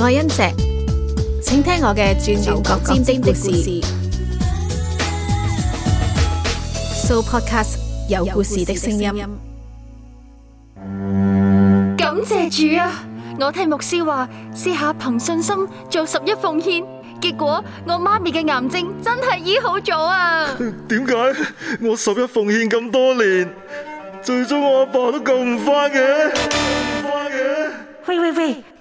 愛恩石，請聽我嘅轉轉角尖尖的故事。So podcast 有故事的聲音。感謝主啊！我聽牧師話，試下憑信心做十一奉獻，結果我媽咪嘅癌症真係醫好咗啊！點解？我十一奉獻咁多年，最終我阿爸都救唔翻嘅，救唔翻嘅。喂喂喂！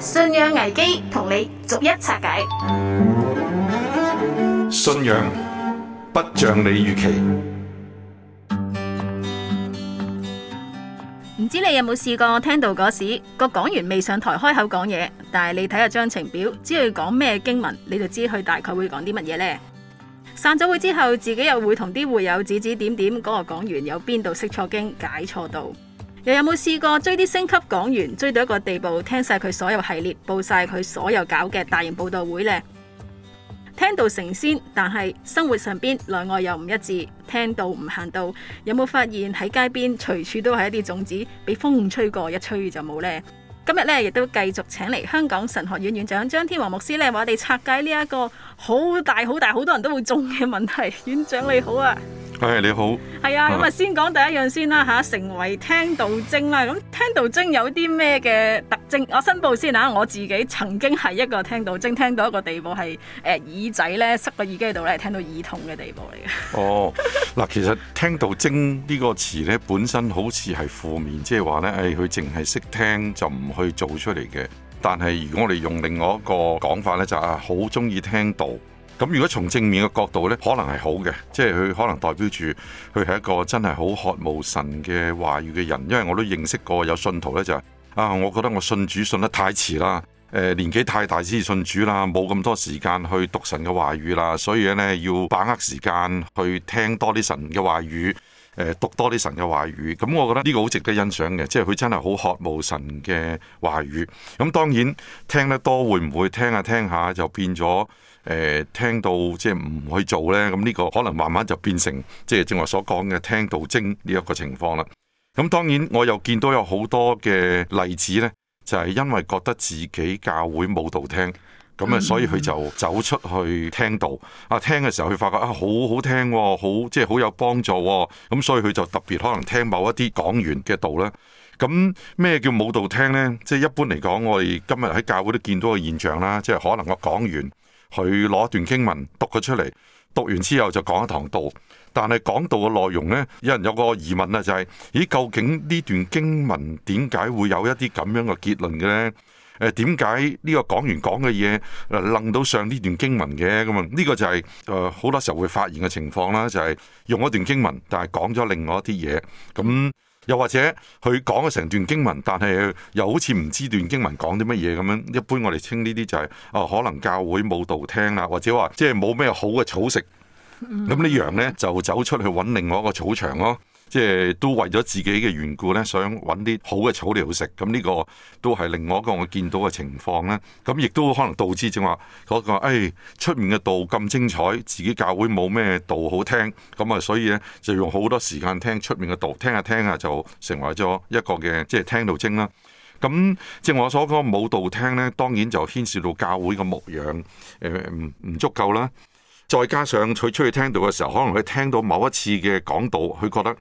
信仰危機同你逐一拆解。信仰不像你預期。唔知你有冇試過，我聽到嗰時個講員未上台開口講嘢，但係你睇下張程表，知道講咩經文，你就知佢大概會講啲乜嘢呢。散咗會之後，自己又會同啲會友指指點點，嗰個講員有邊度識錯經，解錯道。又有冇試過追啲星級講員，追到一個地步，聽晒佢所有系列，報晒佢所有搞嘅大型報道會呢？聽到成仙，但係生活上邊內外又唔一致，聽到唔行到。有冇發現喺街邊隨處都係一啲種子，俾風吹過一吹就冇呢？今日呢，亦都繼續請嚟香港神學院院長張天王牧師呢，為我哋拆解呢、這、一個好大好大好多人都會中嘅問題。院長你好啊！誒，hey，你好係啊，咁啊先講第一樣先啦吓，成為聽到精啦，咁聽到精有啲咩嘅特徵？我申報先吓、啊，我自己曾經係一個聽到精，聽到一個地步係誒，耳仔咧塞個耳機喺度咧，聽到耳痛嘅地步嚟嘅。哦，嗱，其實聽到精呢個詞咧，本身好似係負面，即係話咧，誒，佢淨係識聽就唔去做出嚟嘅。但係如果我哋用另外一個講法咧，就係好中意聽到。咁如果從正面嘅角度呢，可能係好嘅，即係佢可能代表住佢係一個真係好渴慕神嘅話語嘅人。因為我都認識過有信徒呢。就係、啊，我覺得我信主信得太遲啦、呃，年紀太大先至信主啦，冇咁多時間去讀神嘅話語啦，所以呢，要把握時間去聽多啲神嘅話語，讀多啲神嘅話語。咁我覺得呢個好值得欣賞嘅，即係佢真係好渴慕神嘅話語。咁當然聽得多會唔會聽下、啊、聽下、啊、就變咗？誒聽到即係唔去做呢。咁呢個可能慢慢就變成即係正話所講嘅聽道精呢一個情況啦。咁當然我又見到有好多嘅例子呢，就係、是、因為覺得自己教會冇道聽咁啊，所以佢就走出去聽到、mm hmm.。啊聽嘅時候佢發覺啊好好聽、哦，好即係好有幫助、哦。咁所以佢就特別可能聽某一啲講員嘅道啦。咁咩叫冇道聽呢？即、就、係、是、一般嚟講，我哋今日喺教會都見到個現象啦。即、就、係、是、可能個講員。去攞一段經文讀佢出嚟，讀完之後就講一堂道，但係講道嘅內容呢，有人有個疑問啊，就係：咦，究竟呢段經文點解會有一啲咁樣嘅結論嘅呢？點解呢個講完講嘅嘢，愣到上呢段經文嘅？咁啊，呢個就係誒好多時候會發現嘅情況啦，就係用一段經文，但係講咗另外一啲嘢咁。又或者佢講咗成段經文，但係又好似唔知道這段經文講啲乜嘢咁樣，一般我哋稱呢啲就係、是呃、可能教會冇道聽啦，或者話即係冇咩好嘅草食，咁呢羊呢，就走出去揾另外一個草場咯。即係都為咗自己嘅緣故咧，想揾啲好嘅草嚟食，咁呢個都係另外一個我見到嘅情況啦。咁亦都可能導致正話嗰個誒、出面嘅道咁精彩，自己教會冇咩道好聽，咁啊所以呢，就用好多時間聽出面嘅道，聽下聽下就成為咗一個嘅即係聽道精啦。咁正如我所講冇道聽呢當然就牽涉到教會嘅牧養唔唔、呃、足夠啦。再加上佢出去聽到嘅時候，可能佢聽到某一次嘅講道，佢覺得，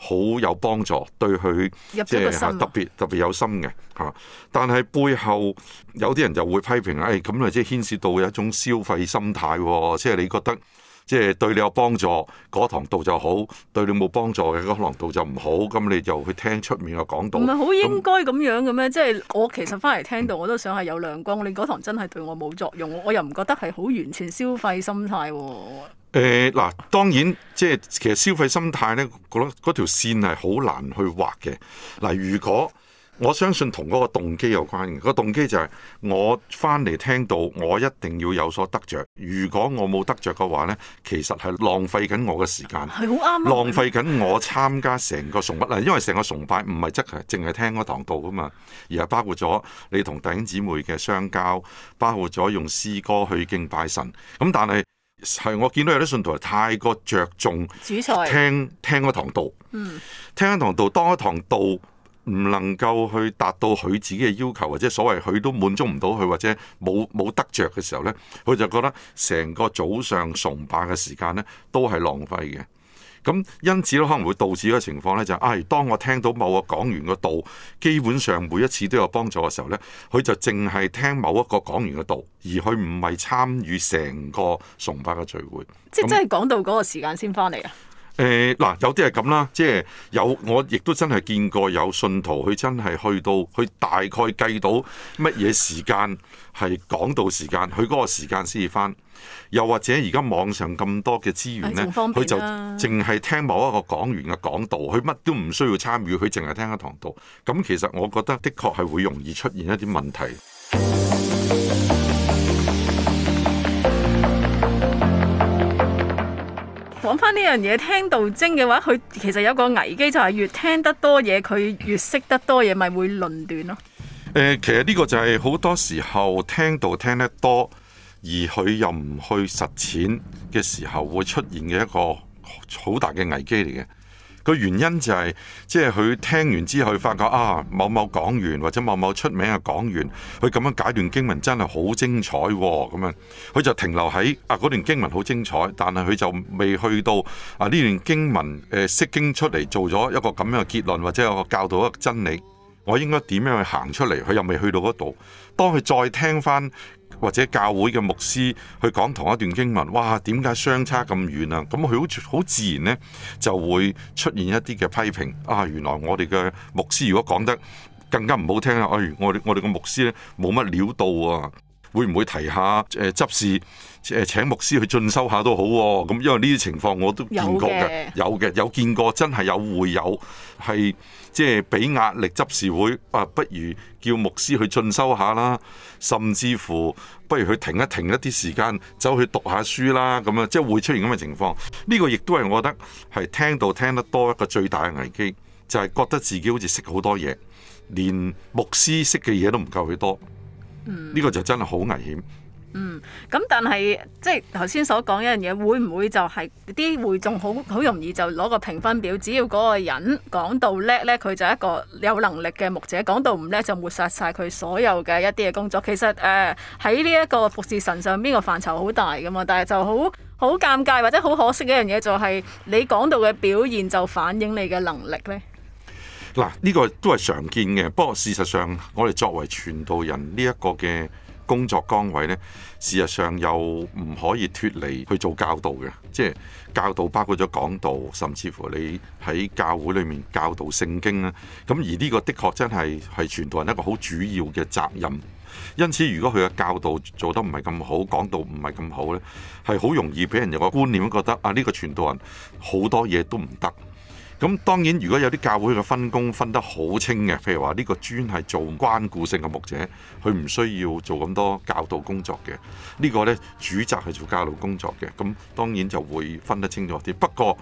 好有幫助，對佢即係特別特別有心嘅嚇。但係背後有啲人又會批評，誒咁啊，即係牽涉到有一種消費心態，即係你覺得即係對你有幫助，嗰堂道就好；對你冇幫助嘅嗰堂道就唔好。咁你就去聽出面嘅講道：「唔係好應該咁樣嘅咩？即係都我其實翻嚟聽到，我都想係有亮光。你嗰堂真係對我冇作用，我又唔覺得係好完全消費心態喎。誒，嗱、呃，當然即係其實消費心態咧，嗰條線係好難去畫嘅。嗱，如果我相信同嗰個動機有關嘅，嗰個動機就係我翻嚟聽到，我一定要有所得着。如果我冇得着嘅話咧，其實係浪費緊我嘅時間，係好啱。浪費緊我參加成個崇拜啊，因為成個崇拜唔係即係淨係聽嗰堂道噶嘛，而係包括咗你同弟兄姊妹嘅相交，包括咗用詩歌去敬拜神。咁但係。係我見到有啲信徒係太過着重聽主菜，聽聽堂道，嗯，聽一堂道，當一堂道，唔能夠去達到佢自己嘅要求，或者所謂佢都滿足唔到佢，或者冇冇得着嘅時候呢，佢就覺得成個早上崇拜嘅時間呢都係浪費嘅。咁因此咧，可能會導致一個情況咧、就係，就係，唉，當我聽到某個講員個道，基本上每一次都有幫助嘅時候咧，佢就淨係聽某一個講員嘅道，而佢唔係參與成個崇拜嘅聚會。即係真係講到嗰個時間先翻嚟啊？誒，嗱，有啲係咁啦，即係有我亦都真係見過有信徒，佢真係去到，佢大概計到乜嘢時間係講到時間，佢嗰個時間先翻。又或者而家網上咁多嘅資源呢，佢就淨係聽某一個講員嘅講道，佢乜都唔需要參與，佢淨係聽一堂道。咁其實我覺得的確係會容易出現一啲問題。講翻呢樣嘢，聽道精嘅話，佢其實有個危機就係、是、越聽得多嘢，佢越識得多嘢，咪會論斷咯。誒、呃，其實呢個就係好多時候聽道聽得多。而佢又唔去實踐嘅時候，會出現嘅一個好大嘅危機嚟嘅。個原因就係，即係佢聽完之後，發覺啊，某某講員，或者某某出名嘅講員，佢咁樣解段經文真係好精彩咁樣！佢就停留喺啊嗰段經文好精彩，但係佢就未去到啊呢段經文誒釋經出嚟做咗一個咁樣嘅結論，或者有個教導一個真理，我應該點樣去行出嚟？佢又未去到嗰度。當佢再聽翻，或者教會嘅牧師去講同一段經文，哇，點解相差咁遠啊？咁佢好好自然呢就會出現一啲嘅批評。啊，原來我哋嘅牧師如果講得更加唔好聽啊，哎，我我哋嘅牧師呢冇乜料到啊，會唔會提下執事請請牧師去進修下都好，啊？咁因為呢啲情況我都見過嘅，有嘅的 有，有見過，真係有會有係即係俾壓力執事會，啊，不如叫牧師去進修下啦，甚至乎不如去停一停一啲時間，走去讀下書啦，咁樣即係會出現咁嘅情況。呢個亦都係我覺得係聽到聽得多一個最大嘅危機，就係覺得自己好似識好多嘢，連牧師識嘅嘢都唔夠佢多。呢個就真係好危險。嗯，咁但係即係頭先所講一樣嘢，會唔會就係啲會眾好好容易就攞個評分表，只要嗰個人講到叻呢，佢就係一個有能力嘅牧者，講到唔叻就抹殺晒佢所有嘅一啲嘅工作。其實誒，喺呢一個服侍神上邊個範疇好大噶嘛，但係就好好尷尬或者好可惜一樣嘢，就係你講到嘅表現就反映你嘅能力呢。嗱，呢個都係常見嘅，不過事實上我哋作為傳道人呢一個嘅工作崗位呢，事實上又唔可以脫離去做教導嘅，即係教導包括咗講道，甚至乎你喺教會裏面教導聖經啦。咁而呢個的確真係係傳道人一個好主要嘅責任。因此，如果佢嘅教導做得唔係咁好，講道唔係咁好呢，係好容易俾人有個觀念覺得啊，呢個傳道人好多嘢都唔得。咁當然，如果有啲教會嘅分工分得好清嘅，譬如話呢個專係做關顧性嘅牧者，佢唔需要做咁多教導工作嘅。呢個呢，主責係做教導工作嘅。咁當然就會分得清楚啲。不過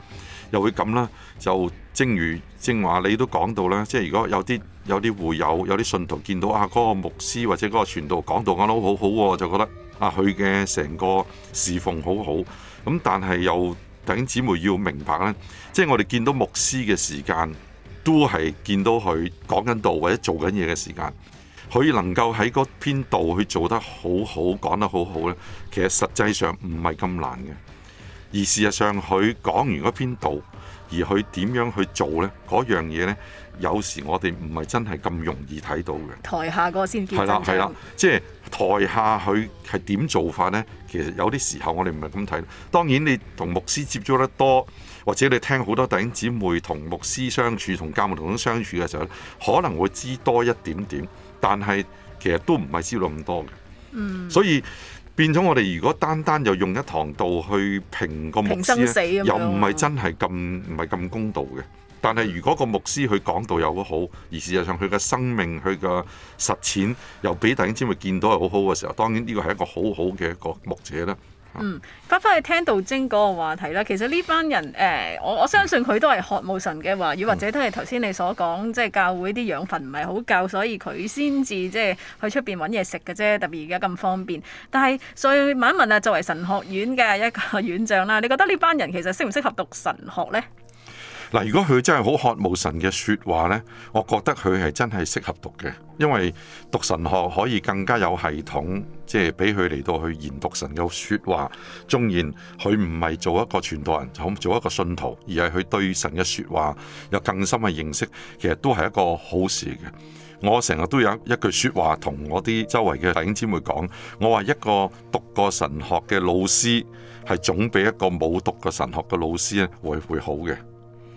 又會咁啦，就正如正話你都講到啦，即係如果有啲有啲會友、有啲信徒見到啊，嗰個牧師或者嗰個傳道講道講得好好、啊、喎，就覺得啊佢嘅成個侍奉好好。咁但係又。等姊妹要明白咧，即係我哋見到牧師嘅時間，都係見到佢講緊道或者做緊嘢嘅時間。佢能夠喺嗰篇道去做得好好，講得好好咧，其實實際上唔係咁難嘅。而事實上，佢講完嗰篇道，而佢點樣去做咧，嗰樣嘢咧。有時我哋唔係真係咁容易睇到嘅。台下個先見到。係啦，係啦，即係台下佢係點做法呢？其實有啲時候我哋唔係咁睇。當然你同牧師接觸得多，或者你聽好多弟兄姊妹同牧師相處、同教牧同佢相處嘅時候，可能會知多一點點。但係其實都唔係知道咁多嘅。嗯。所以變咗我哋，如果單單又用一堂道去評個牧師，又唔係真係咁，唔係咁公道嘅。但係如果個牧師佢講道又好，而事實上佢嘅生命佢嘅實踐又俾弟兄姊妹見到係好好嘅時候，當然呢個係一個好好嘅個牧者啦。嗯，返返去聽道晶嗰個話題啦。其實呢班人誒、欸，我我相信佢都係渴慕神嘅話語，或者都係頭先你所講，即、就、係、是、教會啲養分唔係好夠，所以佢先至即係去出邊揾嘢食嘅啫。特別而家咁方便。但係所以問一問啊，作為神學院嘅一個院長啦，你覺得呢班人其實適唔適合讀神學呢？嗱，如果佢真係好渴慕神嘅説話呢，我覺得佢係真係適合讀嘅，因為讀神學可以更加有系統，即係俾佢嚟到去研讀神嘅説話。縱然佢唔係做一個傳道人，就做一個信徒，而係佢對神嘅説話有更深嘅認識，其實都係一個好事嘅。我成日都有一句説話同我啲周圍嘅弟兄姐妹講，我話一個讀過神學嘅老師係總比一個冇讀過神學嘅老師會會好嘅。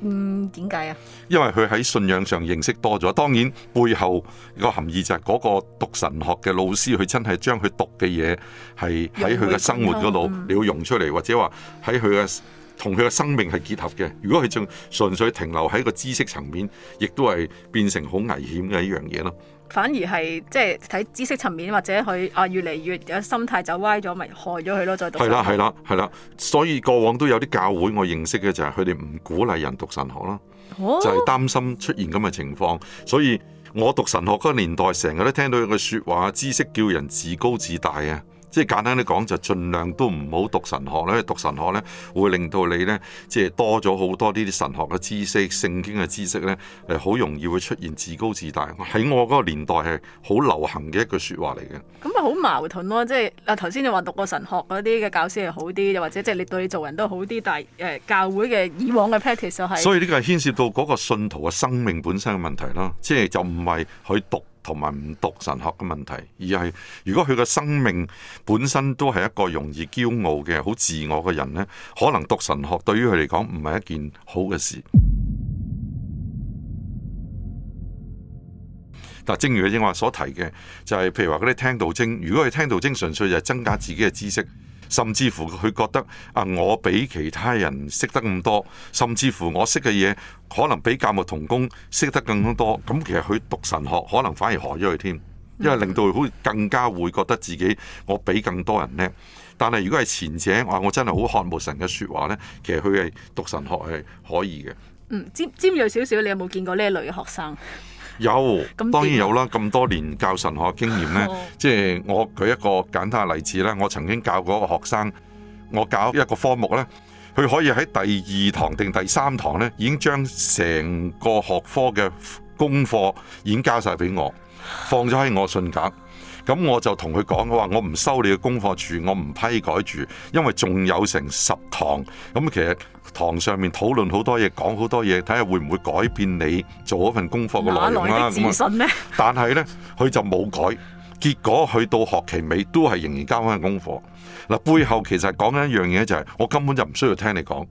嗯，點解啊？因為佢喺信仰上認識多咗，當然背後個含義就係嗰個讀神學嘅老師，佢真係將佢讀嘅嘢係喺佢嘅生活嗰度，你要用出嚟，或者話喺佢嘅同佢嘅生命係結合嘅。如果佢仲純粹停留喺個知識層面，亦都係變成好危險嘅一樣嘢咯。反而係即係睇知識層面，或者佢啊越嚟越有心態走歪咗，咪害咗佢咯。再讀神學，係啦係啦係啦，所以過往都有啲教會我認識嘅就係佢哋唔鼓勵人讀神學咯，哦、就係擔心出現咁嘅情況。所以我讀神學嗰個年代，成日都聽到佢嘅説話，知識叫人自高自大啊。即係簡單啲講，就盡量都唔好讀神學咧，讀神學咧會令到你咧，即係多咗好多呢啲神學嘅知識、聖經嘅知識咧，誒好容易會出現自高自大。喺我嗰個年代係好流行嘅一句説話嚟嘅。咁咪好矛盾咯，即係啊頭先你話讀過神學嗰啲嘅教師係好啲，又或者即係你對你做人都好啲，但係誒教會嘅以往嘅 practice 就係、是。所以呢個係牽涉到嗰個信徒嘅生命本身嘅問題啦，即係就唔係去讀。同埋唔讀神學嘅問題，而係如果佢嘅生命本身都係一個容易驕傲嘅、好自我嘅人咧，可能讀神學對於佢嚟講唔係一件好嘅事。但 正如我話所提嘅，就係、是、譬如話嗰啲聽道精，如果佢聽道精純粹就係增加自己嘅知識。甚至乎佢覺得啊，我比其他人識得咁多，甚至乎我識嘅嘢可能比教牧同工識得更多。咁其實佢讀神學可能反而害咗佢添，因為令到佢更加會覺得自己我比更多人叻。但係如果係前者話，我我真係好渴慕神嘅説話呢，其實佢係讀神學係可以嘅。嗯，尖尖銳少少，你有冇見過呢一類嘅學生？有，當然有啦。咁多年教神學經驗呢，即係我舉一個簡單嘅例子咧。我曾經教過一個學生，我教一個科目呢，佢可以喺第二堂定第三堂呢，已經將成個學科嘅功課已經交晒俾我，放咗喺我的信格。咁我就同佢講我話，我唔收你嘅功課住，我唔批改住，因為仲有成十堂。咁其實，堂上面討論好多嘢，講好多嘢，睇下會唔會改變你做嗰份功課嘅內容啦。咁啊，但係呢，佢就冇改，結果去到學期尾都係仍然交翻功課。嗱、呃，背後其實講緊一樣嘢，就係，就係我根本就唔需要聽你講，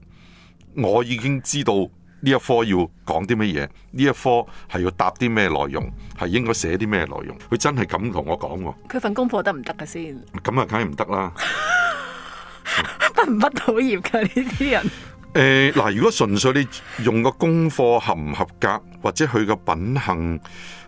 我已經知道呢一科要講啲乜嘢，呢一科係要答啲咩內容，係應該寫啲咩內容。佢真係咁同我講喎。佢份功課得唔得㗎先？咁啊，梗係唔得啦，畢唔畢到業㗎呢啲人？誒，嗱，如果純粹你用個功課合唔合格，或者佢個品行，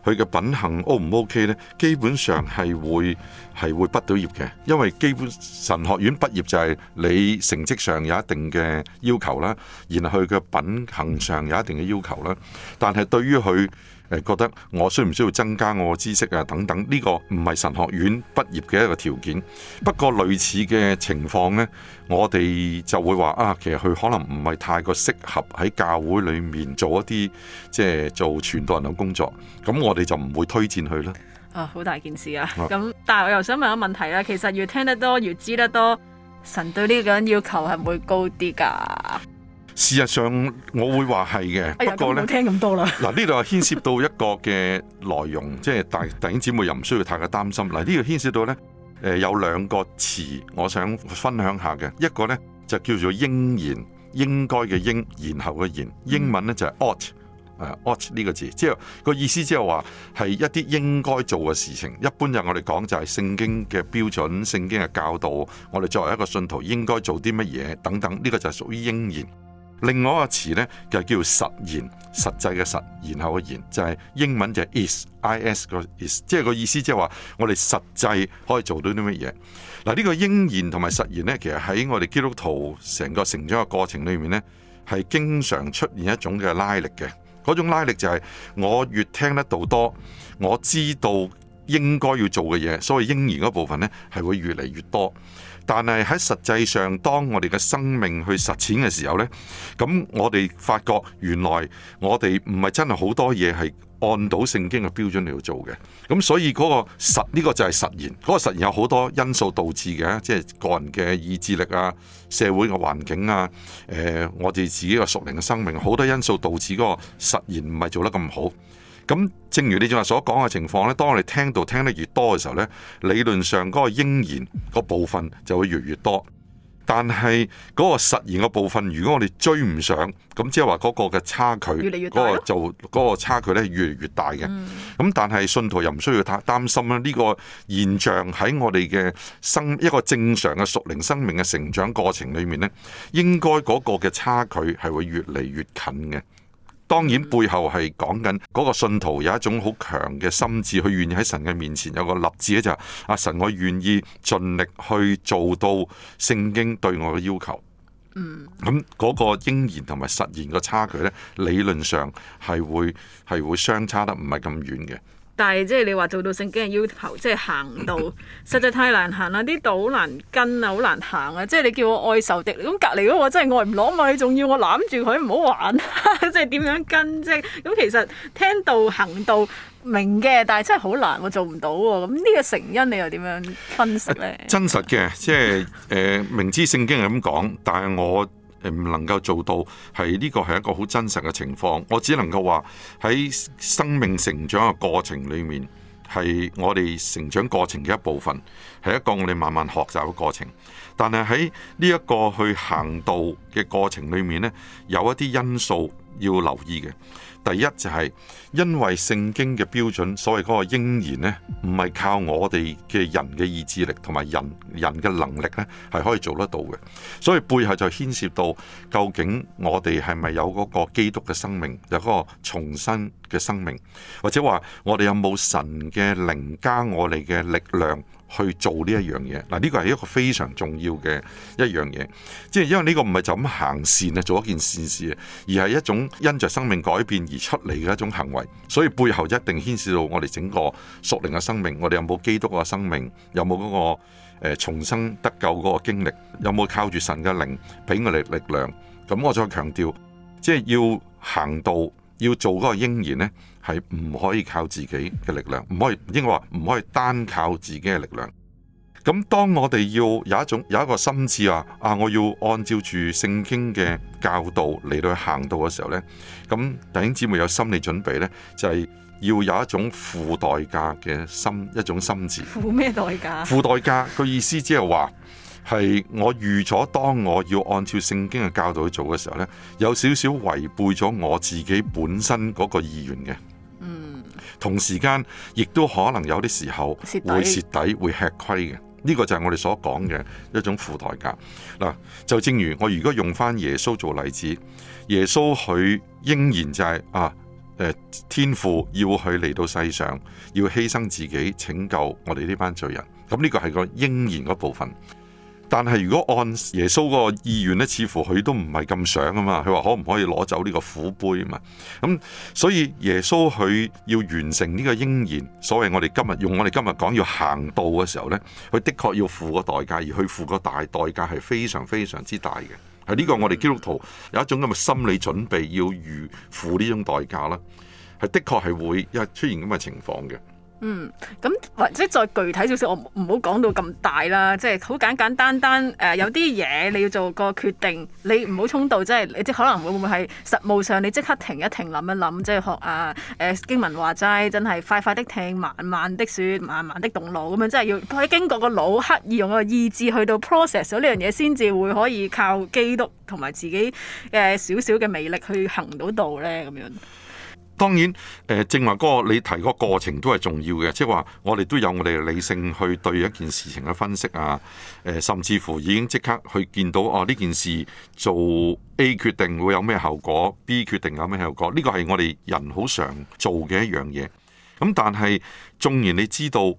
佢嘅品行 O 唔 OK 呢，基本上係會係會畢到業嘅。因為基本神學院畢業就係你成績上有一定嘅要求啦，然後佢嘅品行上有一定嘅要求啦，但係對於佢。誒，覺得我需唔需要增加我嘅知識啊？等等呢、呢個唔係神學院畢業嘅一個條件。不過類似嘅情況呢，我哋就會話啊，其實佢可能唔係太過適合喺教會裏面做一啲即係做傳道人嘅工作。咁我哋就唔會推薦佢啦。啊，好大件事啊！咁，但係我又想問個問題啦、啊。其實越聽得多，越知得多，神對呢個人要求係唔會高啲噶？事實上，我會話係嘅，哎、呦不過咧，唔聽咁多啦。嗱，呢度係牽涉到一個嘅內容，即、就、係、是、大弟兄姊妹又唔需要太過擔心。嗱，呢度牽涉到咧，誒、呃、有兩個詞我想分享下嘅，一個咧就叫做應然」，應該嘅應，然後嘅然」。英文咧就係 ought 誒、嗯啊、ought 呢個字，即係、那個意思，即係話係一啲應該做嘅事情。一般就係我哋講就係聖經嘅標準，聖經嘅教導，我哋作為一個信徒應該做啲乜嘢等等，呢、這個就係屬於應然」。另外一個詞呢，就係叫實然，實際嘅實，然後嘅然，就係、是、英文就係 is，i s 個 is，即係個意思，即係話我哋實際可以做到啲乜嘢。嗱、這、呢個應然同埋實然呢，其實喺我哋基督徒成個成長嘅過程裏面呢，係經常出現一種嘅拉力嘅。嗰種拉力就係我越聽得到多，我知道應該要做嘅嘢，所以應然嗰部分呢，係會越嚟越多。但係喺實際上，當我哋嘅生命去實踐嘅時候呢，咁我哋發覺原來我哋唔係真係好多嘢係按到聖經嘅標準嚟做嘅。咁所以嗰個實呢、這個就係實驗嗰、那個實驗有好多因素導致嘅，即係個人嘅意志力啊、社會嘅環境啊、誒、呃、我哋自己嘅熟靈嘅生命好多因素導致嗰個實驗唔係做得咁好。咁正如你正話所講嘅情況咧，當我哋聽到聽得越多嘅時候咧，理論上嗰個應然個部分就會越嚟越多，但係嗰個實然嘅部分，如果我哋追唔上，咁即係話嗰個嘅差距，嗰個就嗰、嗰個差距咧越嚟越大嘅。咁、嗯、但係信徒又唔需要太擔心啦。呢個現象喺我哋嘅生一個正常嘅屬靈生命嘅成長過程裏面咧，應該嗰個嘅差距係會越嚟越近嘅。當然背後係講緊嗰個信徒有一種好強嘅心志。佢願意喺神嘅面前有個立志咧、就係，就係阿神，我願意盡力去做到聖經對我嘅要求。嗯，咁嗰個應然同埋實然個差距咧，理論上係會係會相差得唔係咁遠嘅。但係即係你話做到聖經嘅要求，即係行道，實在太難行啦！啲道好難跟啊，好難行啊！即係你叫我愛仇敵，咁隔籬嗰個真係愛唔攞嘛？你仲要我攬住佢唔好玩， 即係點樣跟啫？咁其實聽到行道明嘅，但係真係好難，我做唔到喎！咁呢個成因你又點樣分析咧？啊，真實嘅，即係誒、呃，明知聖經係咁講，但係我。唔能夠做到，係呢個係一個好真實嘅情況。我只能夠話喺生命成長嘅過程裏面，係我哋成長過程嘅一部分，係一個我哋慢慢學習嘅過程。但係喺呢一個去行道嘅過程裏面呢，有一啲因素要留意嘅。第一就係因為聖經嘅標準，所謂嗰個應然呢，唔係靠我哋嘅人嘅意志力同埋人人嘅能力呢係可以做得到嘅。所以背後就牽涉到究竟我哋係咪有嗰個基督嘅生命，有嗰個重生嘅生命，或者話我哋有冇神嘅靈加我哋嘅力量，去做呢一樣嘢，嗱呢個係一個非常重要嘅一樣嘢，即係因為呢個唔係就咁行善啊，做一件善事啊，而係一種因着生命改變而出嚟嘅一種行為，所以背後一定牽涉到我哋整個屬靈嘅生命，我哋有冇基督嘅生命，有冇嗰個誒重生得救嗰個經歷，有冇靠住神嘅靈俾我哋力量，咁我再強調，即係要行到。要做嗰個嬰兒咧，係唔可以靠自己嘅力量，唔可以應該話唔可以單靠自己嘅力量。咁當我哋要有一種有一個心志啊，啊，我要按照住聖經嘅教導嚟到去行道嘅時候呢，咁弟兄姊妹有心理準備呢，就係、是、要有一種付代價嘅心，一種心志。付咩代價？付代價，個意思即係話。係我預咗，當我要按照聖經嘅教導去做嘅時候，呢有少少違背咗我自己本身嗰個意願嘅。嗯，同時間亦都可能有啲時候會蝕底，吃虧，會吃虧嘅。呢個就係我哋所講嘅一種付代價嗱。就正如我如果用返耶穌做例子，耶穌佢應然就係啊，誒天父要佢嚟到世上，要犧牲自己拯救我哋呢班罪人。咁呢個係個應然嗰部分。但係如果按耶穌個意願咧，似乎佢都唔係咁想啊嘛。佢話可唔可以攞走呢個苦杯啊嘛？咁、嗯、所以耶穌佢要完成呢個應驗，所謂我哋今日用我哋今日講要行道嘅時候，呢佢的確要付個代價，而去付個大代價係非常非常之大嘅。係呢個我哋基督徒有一種咁嘅心理準備，要預付呢種代價啦。係的確係會因出現咁嘅情況嘅。嗯，咁或者再具體少少，我唔好講到咁大啦，即係好簡簡單單誒，有啲嘢你要做個決定，你唔好衝動，即係你即係可能會唔會係實務上，你即刻停一停，諗一諗，即係學啊誒經文話齋，真係快快的聽，慢慢的說，慢慢的動腦，咁樣即係要喺經過個腦刻意用個意志去到 process 咗呢樣嘢，先至會可以靠基督同埋自己誒少少嘅魅力去行到道咧，咁樣。當然，誒正話嗰個你提個過程都係重要嘅，即係話我哋都有我哋理性去對一件事情嘅分析啊，誒、呃、甚至乎已經即刻去見到哦呢、啊、件事做 A 決定會有咩後果，B 決定有咩後果？呢、這個係我哋人好常做嘅一樣嘢。咁但係縱然你知道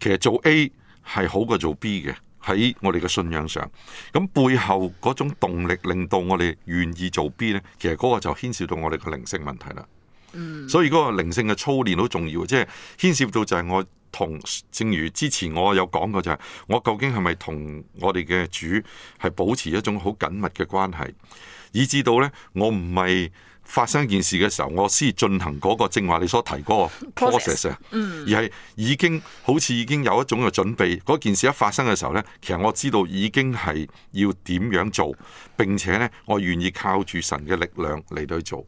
其實做 A 係好過做 B 嘅，喺我哋嘅信仰上，咁背後嗰種動力令到我哋願意做 B 呢，其實嗰個就牽涉到我哋嘅靈性問題啦。所以嗰個靈性嘅操練好重要，即係牽涉到就係我同，正如之前我有講過就係，我究竟係咪同我哋嘅主係保持一種好緊密嘅關係，以至到呢，我唔係發生一件事嘅時候，我先進行嗰個正話你所提嗰個 process 啊，而係已經好似已經有一種嘅準備，嗰件事一發生嘅時候呢，其實我知道已經係要點樣做，並且呢，我願意靠住神嘅力量嚟到去做。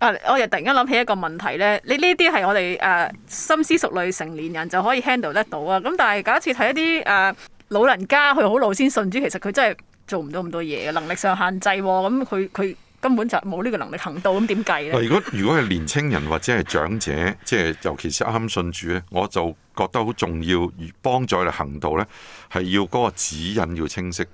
啊！我又突然間諗起一個問題咧，你呢啲係我哋誒、啊、深思熟慮成年人就可以 handle 得到啊。咁但係假設睇一啲誒老人家，佢好老先信主，其實佢真係做唔到咁多嘢嘅，能力上限制喎。咁佢佢根本就冇呢個能力行道，咁點計咧？如果如果係年青人或者係長者，即係尤其是啱啱信主咧，我就覺得好重要，幫助嚟行道咧，係要嗰個指引要清晰。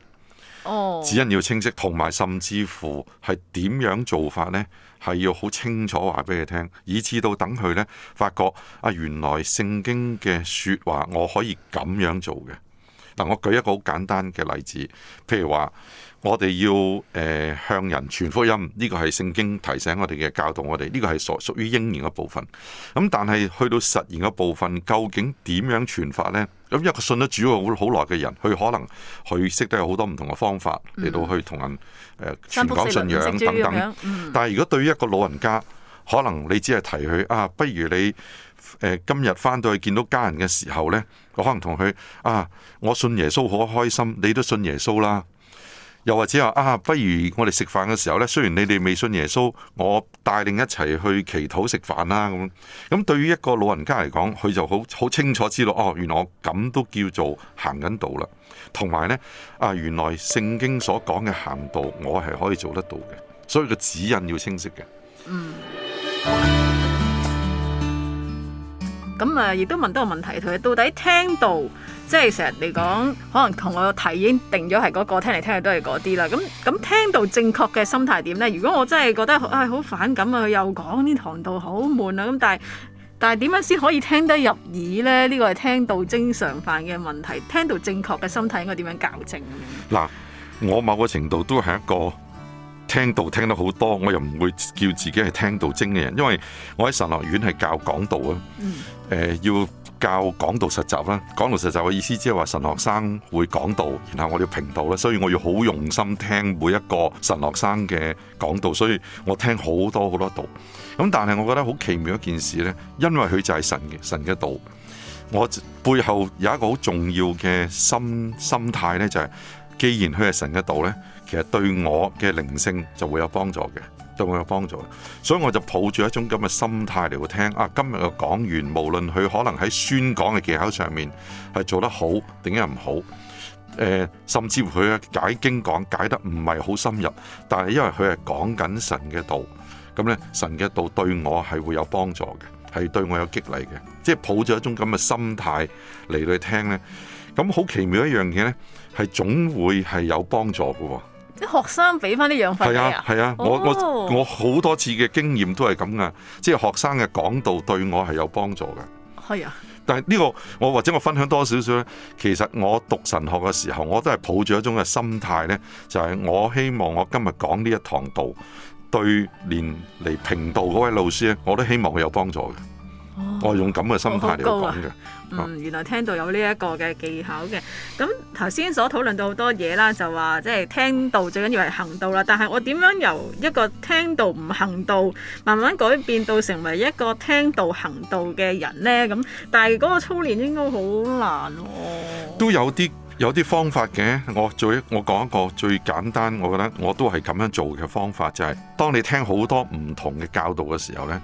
指引要清晰，同埋甚至乎係點樣做法呢？係要好清楚話俾佢聽，以至到等佢呢發覺啊，原來聖經嘅說話我可以咁樣做嘅。嗱，我舉一個好簡單嘅例子，譬如話。我哋要誒向人傳福音，呢個係聖經提醒我哋嘅教導。我哋呢個係屬屬於應然嘅部分。咁但係去到實現嘅部分，究竟點樣傳法呢？咁一個信咗主好好耐嘅人，佢可能佢識得有好多唔同嘅方法嚟到去同人誒傳講信仰等等。但係如果對於一個老人家，可能你只係提佢啊，不如你今日翻到去見到家人嘅時候呢，我可能同佢啊，我信耶穌好開心，你都信耶穌啦。又或者話啊，不如我哋食飯嘅時候呢，雖然你哋未信耶穌，我帶領一齊去祈禱食飯啦咁。咁對於一個老人家嚟講，佢就好好清楚知道哦，原來我咁都叫做行緊道啦。同埋呢，啊，原來聖經所講嘅行道，我係可以做得到嘅。所以個指引要清晰嘅。嗯。咁啊，亦、嗯、都問多個問題，佢到底聽到，即係成日嚟講，可能同我嘅題已經定咗係嗰個，聽嚟聽去都係嗰啲啦。咁咁聽到正確嘅心態點呢？如果我真係覺得唉好、哎、反感啊，佢又講呢堂度好悶啊，咁但係但係點樣先可以聽得入耳呢？呢、呢個係聽到正常犯嘅問題，聽到正確嘅心態應該點樣校正？嗱，我某個程度都係一個。聽到聽得好多，我又唔會叫自己係聽道精嘅人，因為我喺神學院係教講道啊、嗯呃，要教講道實習啦，講道實習嘅意思即係話神學生會講道，然後我哋評道啦，所以我要好用心聽每一個神學生嘅講道，所以我聽好多好多道。咁但係我覺得好奇妙一件事呢，因為佢就係神嘅神嘅道，我背後有一個好重要嘅心心態呢、就係，就係。既然佢係神嘅道呢其實對我嘅靈性就會有幫助嘅，對我有幫助。所以我就抱住一種咁嘅心態嚟去聽。啊，今日嘅講完，無論佢可能喺宣講嘅技巧上面係做得好,不好，定係唔好，甚至乎佢解經講解得唔係好深入，但係因為佢係講緊神嘅道，咁呢神嘅道對我係會有幫助嘅，係對我有激勵嘅。即係抱住一種咁嘅心態嚟去聽呢，咁好奇妙一樣嘢呢。係總會係有幫助嘅、哦，即係學生俾翻啲養分你啊！係啊，啊，我、哦、我我好多次嘅經驗都係咁噶，即係學生嘅講道對我係有幫助嘅。係啊，但係呢、這個我或者我分享多少少咧，其實我讀神學嘅時候，我都係抱住一種嘅心態咧，就係、是、我希望我今日講呢一堂道，對連嚟評道嗰位老師咧，我都希望佢有幫助嘅、哦哦。我係用咁嘅心態嚟講嘅。嗯，原來聽到有呢一個嘅技巧嘅，咁頭先所討論到好多嘢啦，就話即係聽到最緊要係行到啦。但係我點樣由一個聽到唔行到，慢慢改變到成為一個聽到行到嘅人呢？咁，但係嗰個操練應該好難喎，啊。都有啲有啲方法嘅，我最我講一個最簡單，我覺得我都係咁樣做嘅方法就係，是，當你聽好多唔同嘅教導嘅時候呢。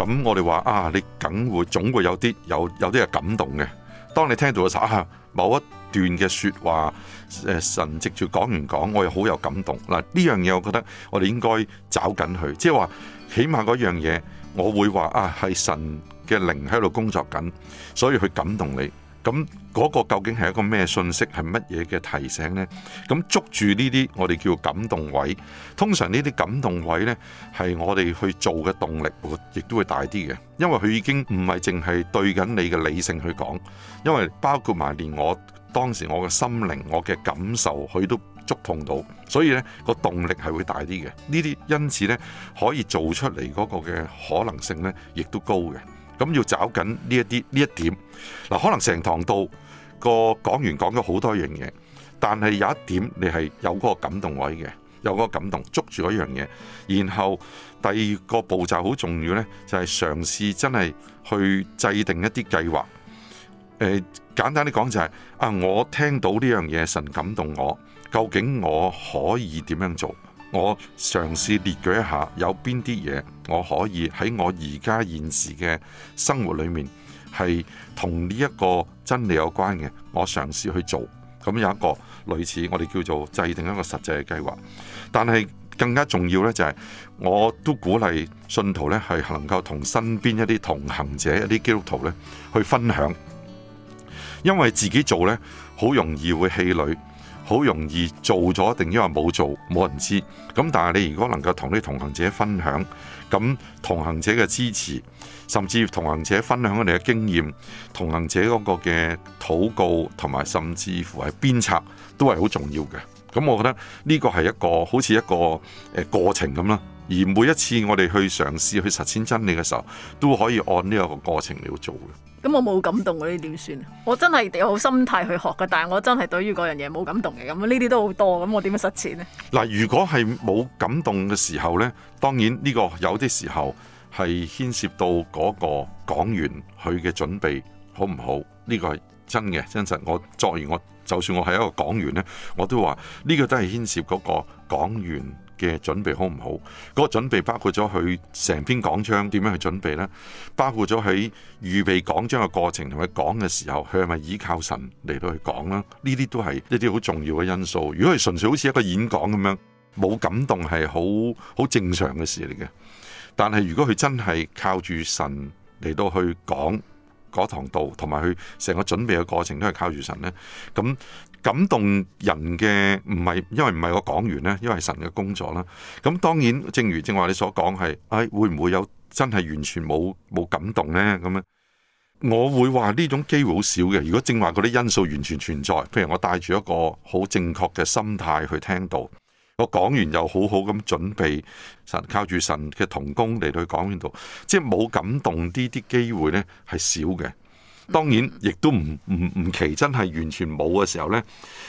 咁我哋話啊，你梗會總會有啲有有啲人感動嘅。當你聽到嗰時候啊，某一段嘅說話，誒，神藉住講唔講，我又好有感動。嗱，呢樣嘢，我覺得我哋應該找緊佢，即係話，起碼嗰樣嘢，我會話啊，係神嘅靈喺度工作緊，所以佢感動你。咁嗰個究竟係一個咩信息？係乜嘢嘅提醒呢？咁捉住呢啲，我哋叫感動位。通常呢啲感動位呢，係我哋去做嘅動力，亦都會大啲嘅。因為佢已經唔係淨係對緊你嘅理性去講，因為包括埋連我當時我嘅心靈、我嘅感受，佢都觸碰到，所以呢個動力係會大啲嘅。呢啲因此呢，可以做出嚟嗰個嘅可能性呢，亦都高嘅。咁要找緊呢一啲呢一點，嗱可能成堂到個講員講咗好多樣嘢，但係有一點你係有嗰個感動位嘅，有個感動捉住嗰樣嘢。然後第二個步驟好重要呢，就係嘗試真係去制定一啲計劃。誒、呃、簡單啲講就係、是、啊，我聽到呢樣嘢神感動我，究竟我可以點樣做？我嘗試列舉一下有邊啲嘢。我可以喺我而家現時嘅生活裏面係同呢一個真理有關嘅，我嘗試去做，咁有一個類似我哋叫做制定一個實際嘅計劃。但係更加重要咧，就係我都鼓勵信徒咧，係能夠同身邊一啲同行者一啲基督徒咧去分享，因為自己做咧好容易會氣餒，好容易做咗定，因為冇做冇人知。咁但係你如果能夠同啲同行者分享。咁同行者嘅支持，甚至同行者分享我哋嘅經驗，同行者嗰個嘅禱告，同埋甚至乎係鞭策都係好重要嘅。咁我覺得呢個係一個好似一個誒過程咁啦。而每一次我哋去嘗試去實踐真理嘅時候，都可以按呢一個過程嚟做嘅。咁我冇感動的，我啲點算？我真係有好心態去學嘅，但係我真係對於嗰樣嘢冇感動嘅。咁呢啲都好多，咁我點樣實踐呢？嗱，如果係冇感動嘅時候呢，當然呢個有啲時候係牽涉到嗰個講員佢嘅準備好唔好。呢個係真嘅真實。我作為我，就算我係一個講員呢，我都話呢個都係牽涉嗰個講員嘅準備好唔好？嗰個準備包括咗佢成篇講章點樣去準備呢？包括咗喺預備講章嘅過程同佢講嘅時候，佢係咪依靠神嚟到去講咧？呢啲都係一啲好重要嘅因素。如果係純粹好似一個演講咁樣，冇感動係好好正常嘅事嚟嘅。但係如果佢真係靠住神嚟到去講嗰堂道，同埋佢成個準備嘅過程都係靠住神呢。咁。感動人嘅唔係，因為唔係我講完呢，因為神嘅工作啦。咁當然，正如正話你所講係，哎，會唔會有真係完全冇冇感動呢？咁樣，我會話呢種機會好少嘅。如果正話嗰啲因素完全存在，譬如我帶住一個好正確嘅心態去聽到，我講完又好好咁準備神，靠住神嘅同工嚟去講呢度，即係冇感動呢啲機會呢係少嘅。當然也不，亦都唔唔唔奇，真係完全冇嘅時候呢。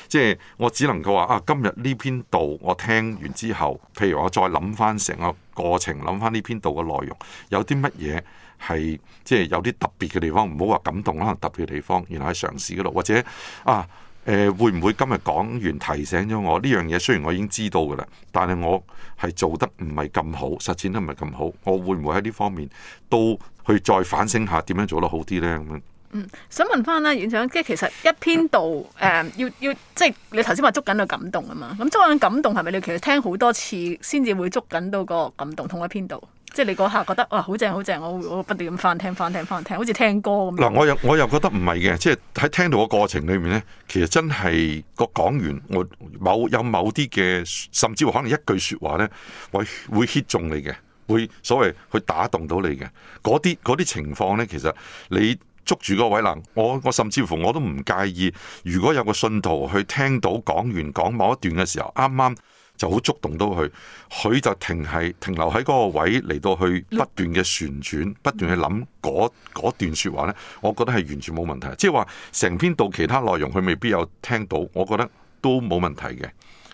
即係我只能夠話啊，今日呢篇道我聽完之後，譬如我再諗翻成個過程，諗翻呢篇道嘅內容，有啲乜嘢係即係有啲特別嘅地方，唔好話感動啦，可能特別嘅地方，然後去嘗試嗰度，或者啊誒，會唔會今日講完提醒咗我呢樣嘢？雖然我已經知道嘅啦，但係我係做得唔係咁好，實踐得唔係咁好，我會唔會喺呢方面都去再反省下點樣做得好啲呢？咁樣。嗯，想問翻咧，院長，即係其實一篇道誒、嗯，要要即係你頭先話捉緊個感動啊嘛。咁捉緊感動係咪你其實聽好多次先至會捉緊到個感動同一篇道？即係你嗰刻覺得哇，好正好正，我我不斷咁翻聽翻聽翻聽，好似聽，聽，聽歌咁。嗱，我又我又覺得唔係嘅，即係喺聽到個過程裏面咧，其實真係個講完，我某有某啲嘅，甚至乎可能一句説話咧，會會 hit 中你嘅，會所謂去打動到你嘅嗰啲啲情況咧，其實你。捉住個位啦！我我甚至乎我都唔介意，如果有個信徒去聽到講完講某一段嘅時候，啱啱就好觸動到佢，佢就停喺停留喺嗰個位嚟到去不斷嘅旋轉，不斷去諗嗰嗰段說話呢，我覺得係完全冇問題。即係話成篇到其他內容，佢未必有聽到，我覺得都冇問題嘅。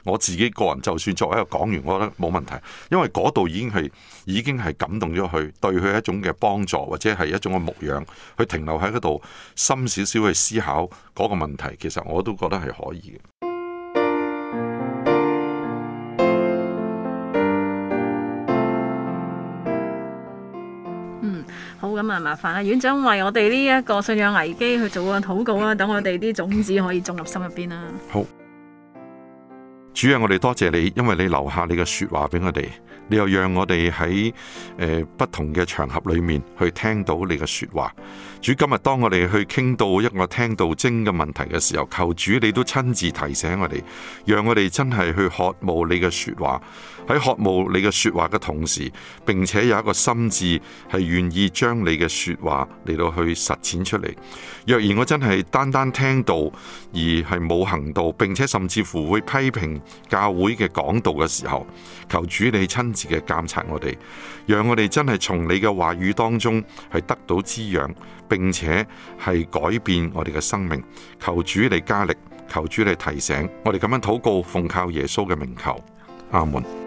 我自己個人，就算作為一個講員，我覺得冇問題，因為嗰度已經係已經係感動咗佢，對佢一種嘅幫助，或者係一種嘅牧養，佢停留喺嗰度，深少少去思考嗰個問題，其實我都覺得係可以嘅。嗯，好，咁啊，麻煩啊，院長為我哋呢一個信仰危機去做個禱告啊，等我哋啲種子可以種入心入邊啦。好。主啊，我哋多謝你，因為你留下你嘅說話俾我哋，你又讓我哋喺誒不同嘅場合裏面去聽到你嘅說話。主今日當我哋去傾到一個聽到精嘅問題嘅時候，求主你都親自提醒我哋，讓我哋真係去渴慕你嘅說話。喺渴慕你嘅說話嘅同時，並且有一個心志係願意將你嘅說話嚟到去實踐出嚟。若然我真係單單聽到而係冇行道，並且甚至乎會批評。教會嘅講道嘅時候，求主你親自嘅監察我哋，讓我哋真係從你嘅話語當中係得到滋養，並且係改變我哋嘅生命。求主你加力，求主你提醒我哋咁樣禱告，奉靠耶穌嘅名求，阿門。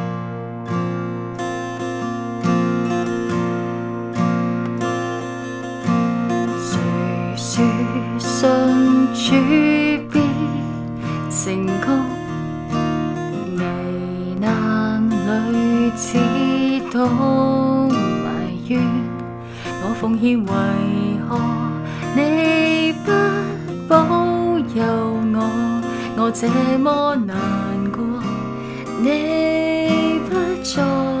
主必成功，危難裏只懂埋怨。我奉獻，為何你不保佑我？我這麼難過，你不再。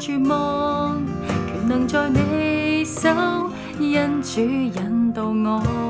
絕望，權能在你手，因主引導我。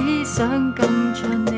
只想跟著你。